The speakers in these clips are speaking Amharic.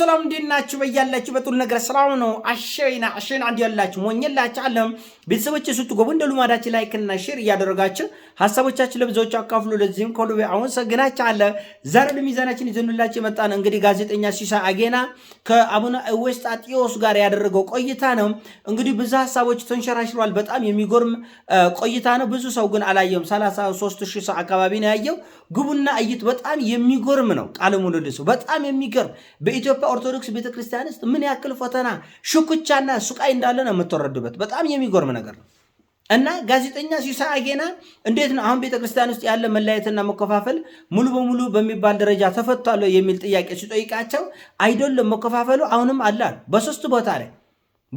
ሰላም እንዴት ናችሁ? በያላችሁ በጥሩ ነገር ሰላም ነው። አሸይና አሸይና አንድ ያላችሁ ሞኝላችሁ አለም ቤተሰቦች ስትገቡ እንደ ልማዳችሁ ላይክ እና ሼር እያደረጋችሁ ሀሳቦቻችን ለብዙዎች አካፍሉ። ለዚህም ከሉ አሁን ሰግናችሁ አለ ዛሬ ለሚዛናችን ይዘኑላችሁ የመጣን እንግዲህ ጋዜጠኛ ሲሳ አጌና ከአቡነ እውስጣቴዎስ ጋር ያደረገው ቆይታ ነው። እንግዲህ ብዙ ሀሳቦች ተንሸራሽሯል። በጣም የሚጎርም ቆይታ ነው። ብዙ ሰው ግን አላየውም። 33 ሦስት ሺህ ሰው አካባቢ ነው ያየው። ግቡና እይት። በጣም የሚጎርም ነው። ቃለ ምልልሱ በጣም የሚገርም በኢትዮጵያ በኦርቶዶክስ ቤተክርስቲያን ውስጥ ምን ያክል ፈተና ሽኩቻና ሱቃይ እንዳለ ነው የምትወረዱበት። በጣም የሚጎርም ነገር ነው እና ጋዜጠኛ ሲሳይ አጌና እንዴት ነው አሁን ቤተክርስቲያን ውስጥ ያለ መለያየትና መከፋፈል ሙሉ በሙሉ በሚባል ደረጃ ተፈቷል የሚል ጥያቄ ሲጠይቃቸው አይደለም መከፋፈሉ አሁንም አለ በሶስት ቦታ ላይ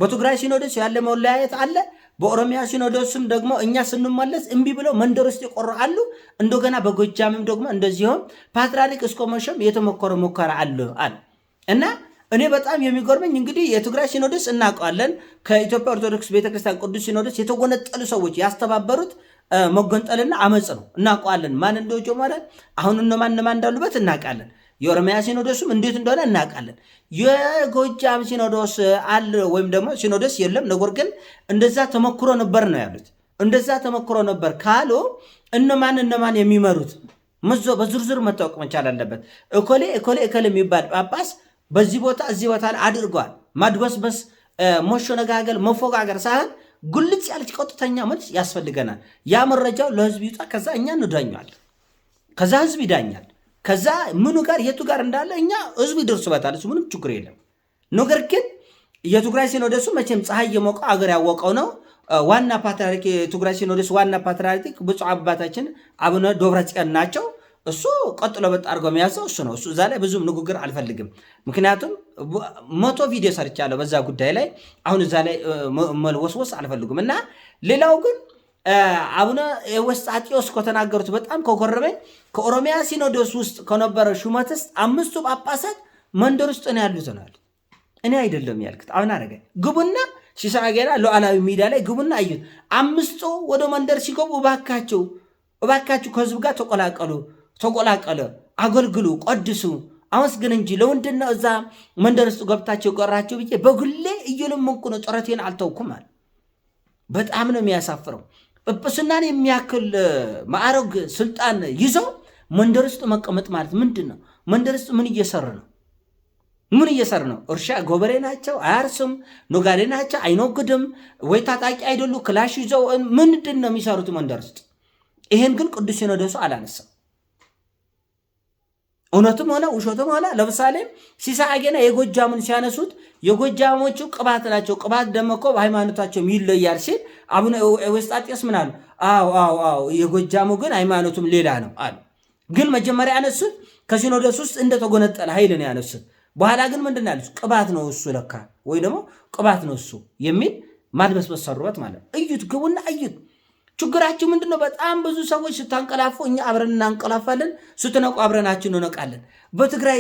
በትግራይ ሲኖዶስ ያለ መለያየት አለ። በኦሮሚያ ሲኖዶስም ደግሞ እኛ ስንመለስ እምቢ ብለው መንደር ውስጥ የቆሩ አሉ። እንደገና በጎጃምም ደግሞ እንደዚሁም ፓትርያርክ እስከ መሾም የተሞከረ ሙከራ አለ አለ እና እኔ በጣም የሚገርመኝ እንግዲህ የትግራይ ሲኖዶስ እናውቀዋለን። ከኢትዮጵያ ኦርቶዶክስ ቤተክርስቲያን ቅዱስ ሲኖዶስ የተጎነጠሉ ሰዎች ያስተባበሩት መጎንጠልና አመፅ ነው። እናውቀዋለን። ማን እንደወጆ ማለት አሁን እነማን እነማን እንዳሉበት እናውቃለን። የኦሮሚያ ሲኖዶስም እንዴት እንደሆነ እናውቃለን። የጎጃም ሲኖዶስ አለ ወይም ደግሞ ሲኖዶስ የለም። ነገር ግን እንደዛ ተሞክሮ ነበር ነው ያሉት። እንደዛ ተሞክሮ ነበር ካሉ እነማን እነማን የሚመሩት በዝርዝር መታወቅ መቻል አለበት። እኮሌ እኮሌ እከል የሚባል ጳጳስ በዚህ ቦታ እዚህ ቦታ ላይ አድርጓል። ማድበስበስ፣ መሸነጋገል፣ መፎጋገር ሳይሆን ግልጽ ያለች ቀጥተኛ መልስ ያስፈልገናል። ያ መረጃው ለህዝብ ይውጣ። ከዛ እኛ እንዳኛል፣ ከዛ ህዝብ ይዳኛል። ከዛ ምኑ ጋር የቱ ጋር እንዳለ እኛ ህዝቡ ይደርስበታል። እሱ ምንም ችግር የለም። ነገር ግን የትግራይ ሲኖዶሱ መቼም ፀሐይ የሞቀው አገር ያወቀው ነው። ዋና ፓትርያርክ የትግራይ ሲኖዶስ ዋና ፓትርያርክ ብፁዕ አባታችን አቡነ ዶብረጽዮን ናቸው። እሱ ቀጥሎ በጣ አድርጎ የሚያዘው እሱ ነው። እሱ እዛ ላይ ብዙም ንግግር አልፈልግም። ምክንያቱም መቶ ቪዲዮ ሰርቻለሁ በዛ ጉዳይ ላይ አሁን እዛ ላይ መልወስወስ አልፈልጉም። እና ሌላው ግን አቡነ ኤዎስጣቴዎስ ከተናገሩት በጣም ከጎረበኝ ከኦሮሚያ ሲኖዶስ ውስጥ ከነበረ ሹመትስ አምስቱ ጳጳሳት መንደር ውስጥ ነው ያሉት ነው ያሉት። እኔ አይደለም ያልክት አሁን አረገ ግቡና ሲሳይ ገና ሉዓላዊ ሚዲያ ላይ ግቡና አዩት። አምስቱ ወደ መንደር ሲገቡ እባካቸው እባካችሁ ከህዝብ ጋር ተቆላቀሉ ተቆላቀለ። አገልግሉ፣ ቀድሱ፣ አመስግን እንጂ ለምንድነው እዛ መንደር ውስጥ ገብታቸው ቀራቸው ብዬ በግሌ እየለመንኩ ነው። ጥረቴን አልተውኩም አለ። በጣም ነው የሚያሳፍረው። ጵጵስናን የሚያክል ማዕረግ፣ ስልጣን ይዘው መንደር ውስጥ መቀመጥ ማለት ምንድን ነው? መንደር ውስጥ ምን እየሰሩ ነው? ምን እየሰሩ ነው? እርሻ ገበሬ ናቸው፣ አያርስም። ነጋዴ ናቸው፣ አይኖግድም ወይ ታጣቂ አይደሉ፣ ክላሽ ይዘው ምንድን ነው የሚሰሩት መንደር ውስጥ? ይሄን ግን ቅዱስ ሲኖዶሱ አላነሳም። እውነትም ሆነ ውሾትም ሆነ ለምሳሌ ሲሳይ አገና የጎጃሙን ሲያነሱት የጎጃሞቹ ቅባት ናቸው፣ ቅባት ደመኮ በሃይማኖታቸውም ይለያል ሲል አቡነ ኤዎስጣቴዎስ ምን አሉ? አዎ አዎ አዎ የጎጃሙ ግን ሃይማኖቱም ሌላ ነው አሉ። ግን መጀመሪያ ያነሱት ከሲኖዶስ ውስጥ እንደተጎነጠለ ኃይል ነው ያነሱት። በኋላ ግን ምንድን ያሉት? ቅባት ነው እሱ ለካ ወይ ደግሞ ቅባት ነው እሱ የሚል ማድበስበስ ሰሩበት ማለት ነው። እዩት ግቡና እዩት ችግራችሁ ምንድን ነው? በጣም ብዙ ሰዎች ስታንቀላፉ እኛ አብረን እናንቀላፋለን፣ ስትነቁ አብረናችን እንነቃለን። በትግራይ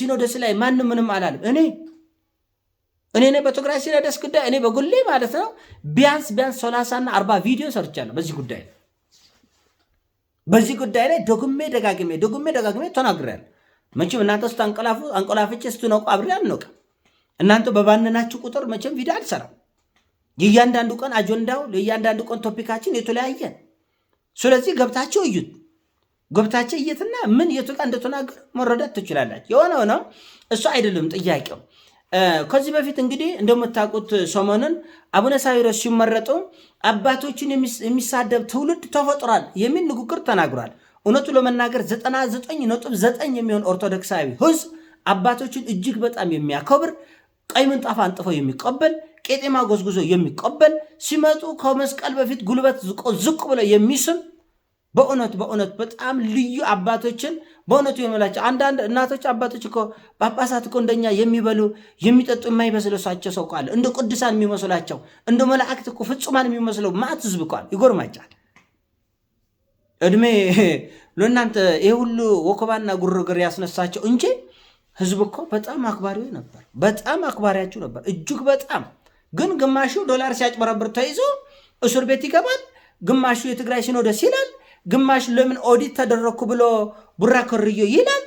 ሲኖደስ ላይ ማንም ምንም አላለም። እኔ እኔ እኔ በትግራይ ሲኖደስ ጉዳይ እኔ በጉሌ ማለት ነው ቢያንስ ቢያንስ ሰላሳና አርባ ቪዲዮ ሰርቻለሁ በዚህ ጉዳይ ላይ በዚህ ጉዳይ ላይ ደግሜ ደጋግሜ ደግሜ ደጋግሜ ተናግሬያለሁ። መቼም እናንተ ስታንቀላፉ አንቀላፍቼ ስትነቁ አብሬ አልነቅም። እናንተ በባንናችሁ ቁጥር መቼም ቪዲዮ አልሰራም። የእያንዳንዱ ቀን አጀንዳው ለእያንዳንዱ ቀን ቶፒካችን የተለያየ። ስለዚህ ገብታቸው እዩት። ገብታቸው እየትና ምን የቱ ጋር እንደተናገር መረዳት ትችላላችሁ። የሆነ ሆነ እሱ አይደለም ጥያቄው። ከዚህ በፊት እንግዲህ እንደምታውቁት ሰሞኑን አቡነ ሳዊሮስ ሲመረጡ አባቶችን የሚሳደብ ትውልድ ተፈጥሯል የሚል ንግግር ተናግሯል። እውነቱ ለመናገር ዘጠና ዘጠኝ ነጥብ ዘጠኝ የሚሆን ኦርቶዶክሳዊ ህዝብ አባቶችን እጅግ በጣም የሚያከብር ቀይ ምንጣፍ አንጥፈው የሚቀበል ቄጤማ ጎዝጉዞ የሚቀበል ሲመጡ ከመስቀል በፊት ጉልበት ዝቅ ብሎ የሚስም በእውነት በእውነት በጣም ልዩ አባቶችን በእውነቱ የሚላቸው አንዳንድ እናቶች አባቶች እኮ ጳጳሳት እኮ እንደኛ የሚበሉ የሚጠጡ የማይመስለሳቸው ሰው አለ። እንደ ቅዱሳን የሚመስላቸው እንደ መላእክት እኮ ፍጹማን የሚመስለው ማት ህዝብ እኮ ይጎርማጫል። እድሜ ለእናንተ ይህ ሁሉ ወከባና ጉርግር ያስነሳቸው እንጂ ህዝብ እኮ በጣም አክባሪ ነበር። በጣም አክባሪያችሁ ነበር እጅግ በጣም ግን ግማሹ ዶላር ሲያጭበረብር ተይዞ እስር ቤት ይገባል። ግማሹ የትግራይ ሲኖዶስ ይላል። ግማሹ ለምን ኦዲት ተደረግኩ ብሎ ቡራ ከርዮ ይላል።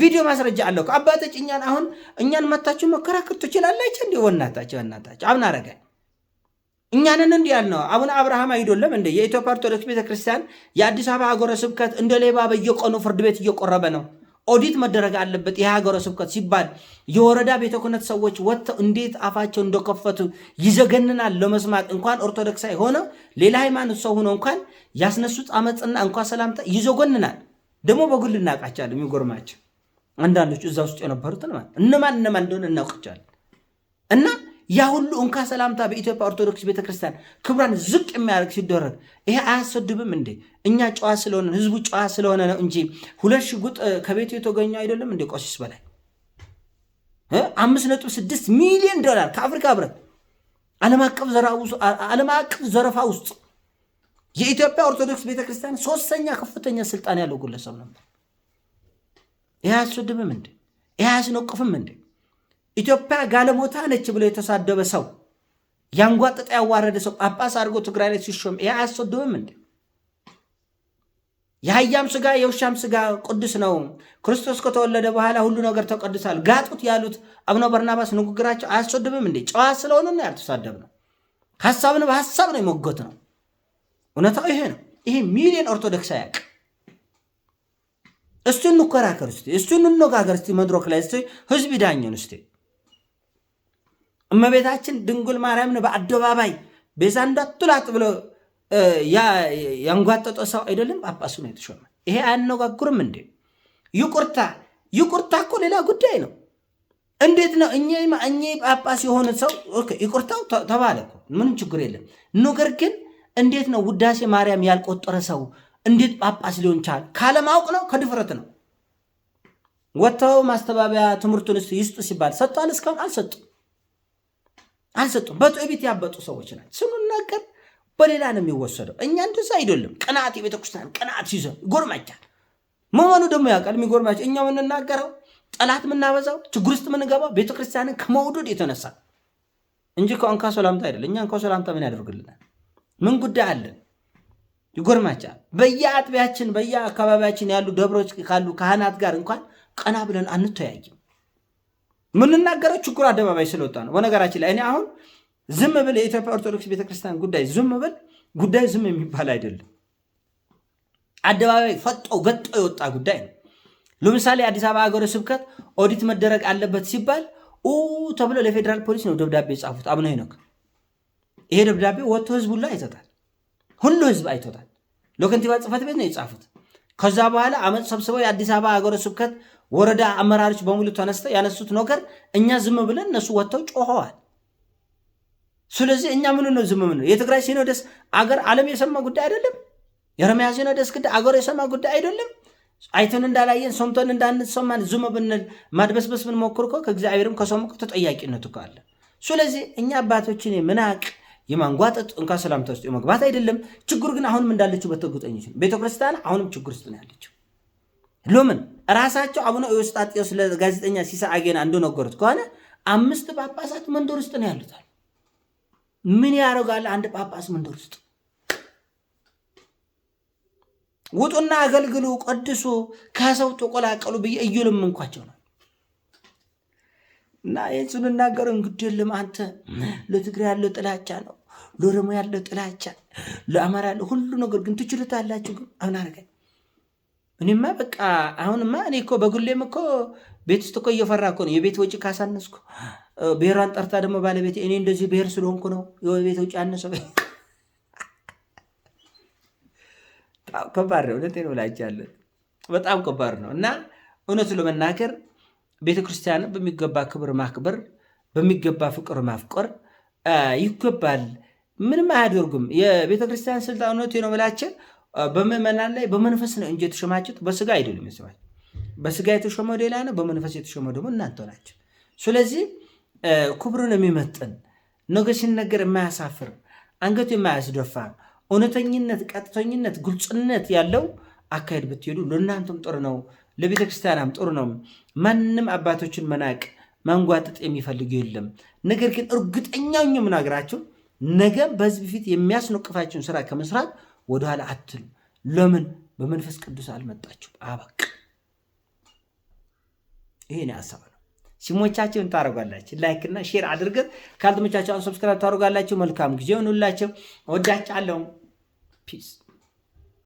ቪዲዮ ማስረጃ አለው። አባቶች እኛን አሁን እኛን መታችሁ መከራከር ትችላላችሁ። እንዲ ወናታቸው ወናታቸው አብን እኛንን እንዲ ያልነው አቡነ አብርሃም አይደለም እንደ የኢትዮጵያ ኦርቶዶክስ ቤተክርስቲያን የአዲስ አበባ አጎረ ስብከት እንደ ሌባ በየቀኑ ፍርድ ቤት እየቆረበ ነው። ኦዲት መደረግ አለበት። የሀገረ ስብከት ሲባል የወረዳ ቤተ ክህነት ሰዎች ወጥተው እንዴት አፋቸው እንደከፈቱ ይዘገንናል ለመስማት። እንኳን ኦርቶዶክሳዊ ሆነ ሌላ ሃይማኖት ሰው ሆኖ እንኳን ያስነሱት አመፅና እንኳን ሰላምታ ይዘጎንናል። ደግሞ በግል እናውቃቸዋለን። የሚጎርማቸው አንዳንዶች እዛ ውስጥ የነበሩትን ማለት እነማን እነማን እንደሆነ እናውቃቸዋለን እና ያ ሁሉ እንኳ ሰላምታ በኢትዮጵያ ኦርቶዶክስ ቤተክርስቲያን ክብሯን ዝቅ የሚያደርግ ሲደረግ ይሄ አያሰድብም እንዴ? እኛ ጨዋ ስለሆነ ህዝቡ ጨዋ ስለሆነ ነው እንጂ ሁለት ሽጉጥ ከቤቱ የተገኘ አይደለም እንዴ? ቆሲስ በላይ አምስት ነጥብ ስድስት ሚሊዮን ዶላር ከአፍሪካ ህብረት ዓለም አቀፍ ዘረፋ ውስጥ የኢትዮጵያ ኦርቶዶክስ ቤተክርስቲያን ሶስተኛ ከፍተኛ ስልጣን ያለው ግለሰብ ነበር። ይህ አያስወድምም እንዴ? ይህ አያስነቅፍም እንዴ? ኢትዮጵያ ጋለሞታ ነች ብሎ የተሳደበ ሰው ያንጓጠጠ ያዋረደ ሰው ጳጳስ አድርጎ ትግራይ ላይ ሲሾም ይህ አያስወድብም እንዴ? የአህያም ስጋ የውሻም ስጋ ቅዱስ ነው። ክርስቶስ ከተወለደ በኋላ ሁሉ ነገር ተቀድሳል። ጋጡት ያሉት አቡነ በርናባስ ንግግራቸው አያስወድብም እንዴ? ጨዋ ስለሆኑ ነው ያልተሳደብ ነው። ሀሳብን በሀሳብ ነው የሞገት ነው። እውነታው ይሄ ነው። ይሄ ሚሊዮን ኦርቶዶክስ አያውቅ። እስቲ እንኮራከር፣ እስቲ እስቲ እንነጋገር፣ እስቲ መድረክ ላይ እስቲ ህዝብ ይዳኘን እስቲ እመቤታችን ድንግል ማርያምን በአደባባይ ቤዛ እንዳትላት ብሎ ያንጓጠጠ ሰው አይደለም ጳጳሱ ነው የተሾመ። ይሄ አያነጋግርም እንዴ? ይቁርታ ይቁርታ እኮ ሌላ ጉዳይ ነው። እንዴት ነው እኛ እኛ ጳጳስ የሆነ ሰው ይቁርታው ተባለ፣ ምንም ችግር የለም። ነገር ግን እንዴት ነው ውዳሴ ማርያም ያልቆጠረ ሰው እንዴት ጳጳስ ሊሆን ቻል ካለማወቅ ነው፣ ከድፍረት ነው። ወጥተው ማስተባበያ ትምህርቱን ይስጡ ሲባል ሰጥቷል፣ እስካሁን አልሰጡም። አልሰጡም። በትዕቢት ያበጡ ሰዎች ናቸው። ስንናገር በሌላ ነው የሚወሰደው። እኛ እንደዛ አይደለም። ቅናት፣ የቤተክርስቲያን ቅናት ሲዘን ይጎርማቻል። መሆኑ ደግሞ ያውቃል የሚጎርማቻል። እኛ የምንናገረው ጠላት የምናበዛው ችግር ውስጥ የምንገባው ቤተክርስቲያንን ከመውደድ የተነሳ እንጂ ከእንኳ ሰላምታ አይደለም። እኛ እንኳ ሰላምታ ምን ያደርግልናል? ምን ጉዳይ አለን? ይጎርማቻል። በየአጥቢያችን በየአካባቢያችን ያሉ ደብሮች ካሉ ካህናት ጋር እንኳን ቀና ብለን አንተያይም። የምንናገረው ችግሩ አደባባይ ስለወጣ ነው። በነገራችን ላይ እኔ አሁን ዝም ብል የኢትዮጵያ ኦርቶዶክስ ቤተክርስቲያን ጉዳይ ዝም ብል ጉዳይ ዝም የሚባል አይደለም። አደባባይ ፈጦ ገጦ የወጣ ጉዳይ ነው። ለምሳሌ አዲስ አበባ ሀገረ ስብከት ኦዲት መደረግ አለበት ሲባል ተብሎ ለፌዴራል ፖሊስ ነው ደብዳቤ የጻፉት አቡነ ሄኖክ። ይሄ ደብዳቤ ወጥቶ ህዝቡ ሁሉ አይቶታል። ሁሉ ህዝብ አይቶታል። ለከንቲባ ጽህፈት ቤት ነው የጻፉት። ከዛ በኋላ አመፅ ሰብስበው የአዲስ አበባ ሀገረ ስብከት ወረዳ አመራሮች በሙሉ ተነስተው ያነሱት ነገር እኛ ዝም ብለን እነሱ ወጥተው ጮኸዋል። ስለዚህ እኛ ምን ነው ዝም ምን የትግራይ ሲኖደስ አገር ዓለም የሰማ ጉዳይ አይደለም። የኦሮሚያ ሲኖደስ ጉዳይ አገር የሰማ ጉዳይ አይደለም። አይተን እንዳላየን ሰምተን እንዳንሰማን ዝም ብንል ማድበስበስ ብንሞክር እኮ ከእግዚአብሔርም ከሰሙ ተጠያቂነቱ አለ። ስለዚህ እኛ አባቶችን ምናቅ የማንጓጠጥ እንኳ ሰላምታ ውስጥ መግባት አይደለም። ችግሩ ግን አሁንም እንዳለችው በተጉጠኞች ነው። ቤተክርስቲያን አሁንም ችግር ውስጥ ነው ያለችው። ሎምን ራሳቸው አቡነ ኤዎስጣቴዎስ ለጋዜጠኛ ሲሳ አጌና እንደነገሩት ከሆነ አምስት ጳጳሳት መንደር ውስጥ ነው ያሉታል። ምን ያደርጋል አንድ ጳጳስ መንደር ውስጥ? ውጡና አገልግሉ፣ ቀድሱ፣ ከሰው ተቆላቀሉ ብዬ እንኳቸው ነው። እና ይህን ስንናገር እንግዲህ የለም አንተ ለትግራይ ያለው ጥላቻ ነው ለኦሮሞ ያለው ጥላቻ፣ ለአማራ ያለው ሁሉ ነገር ግን ትችሉታላችሁ። ግን አሁን አርገ እኔማ በቃ አሁንማ እኔ እኮ በጉሌም እኮ ቤት ውስጥ እኮ እየፈራ እኮ ነው የቤት ወጪ ካሳነስኩ ብሔሯን ጠርታ ደግሞ ባለቤት እኔ እንደዚህ ብሔር ስለሆንኩ ነው የቤት ውጭ አነሰ በጣም ከባድ ነው። እውነቴን ብላችኋለሁ። በጣም ከባድ ነው እና እውነቱ ለመናገር ቤተክርስቲያንን በሚገባ ክብር ማክበር፣ በሚገባ ፍቅር ማፍቆር ይገባል። ምንም አያደርጉም። የቤተ ክርስቲያን ስልጣኖት ነው ብላችን በምዕመናን ላይ በመንፈስ ነው እንጂ የተሾማችሁት በስጋ አይደሉም። ስባች በስጋ የተሾመው ሌላ ነው፣ በመንፈስ የተሾመው ደግሞ እናንተ ናቸው። ስለዚህ ክብሩን የሚመጥን ነገ ሲነገር የማያሳፍር አንገቱ የማያስደፋ እውነተኝነት፣ ቀጥተኝነት፣ ግልጽነት ያለው አካሄድ ብትሄዱ ለእናንተም ጥሩ ነው፣ ለቤተ ክርስቲያናም ጥሩ ነው። ማንም አባቶችን መናቅ ማንጓጠጥ የሚፈልግ የለም። ነገር ግን እርግጠኛው የምናገራቸው ነገም በህዝብ ፊት የሚያስነቅፋቸውን ስራ ከመስራት ወደኋላ አትሉ። ለምን በመንፈስ ቅዱስ አልመጣችሁ? አበቅ ይሄ ነው ሀሳብ ነው። ሲሞቻቸውን ታደርጓላችሁ። ላይክና ሼር አድርገን ካልተመቻቸው ሰብስክራይብ ታደርጓላችሁ። መልካም ጊዜ ሆኑላቸው። ወዳች ፒስ